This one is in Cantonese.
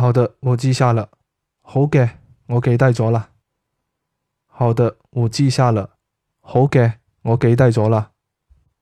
好的，我記下了。好嘅，我記低咗啦。好的，我記下了。好嘅，我記低咗啦。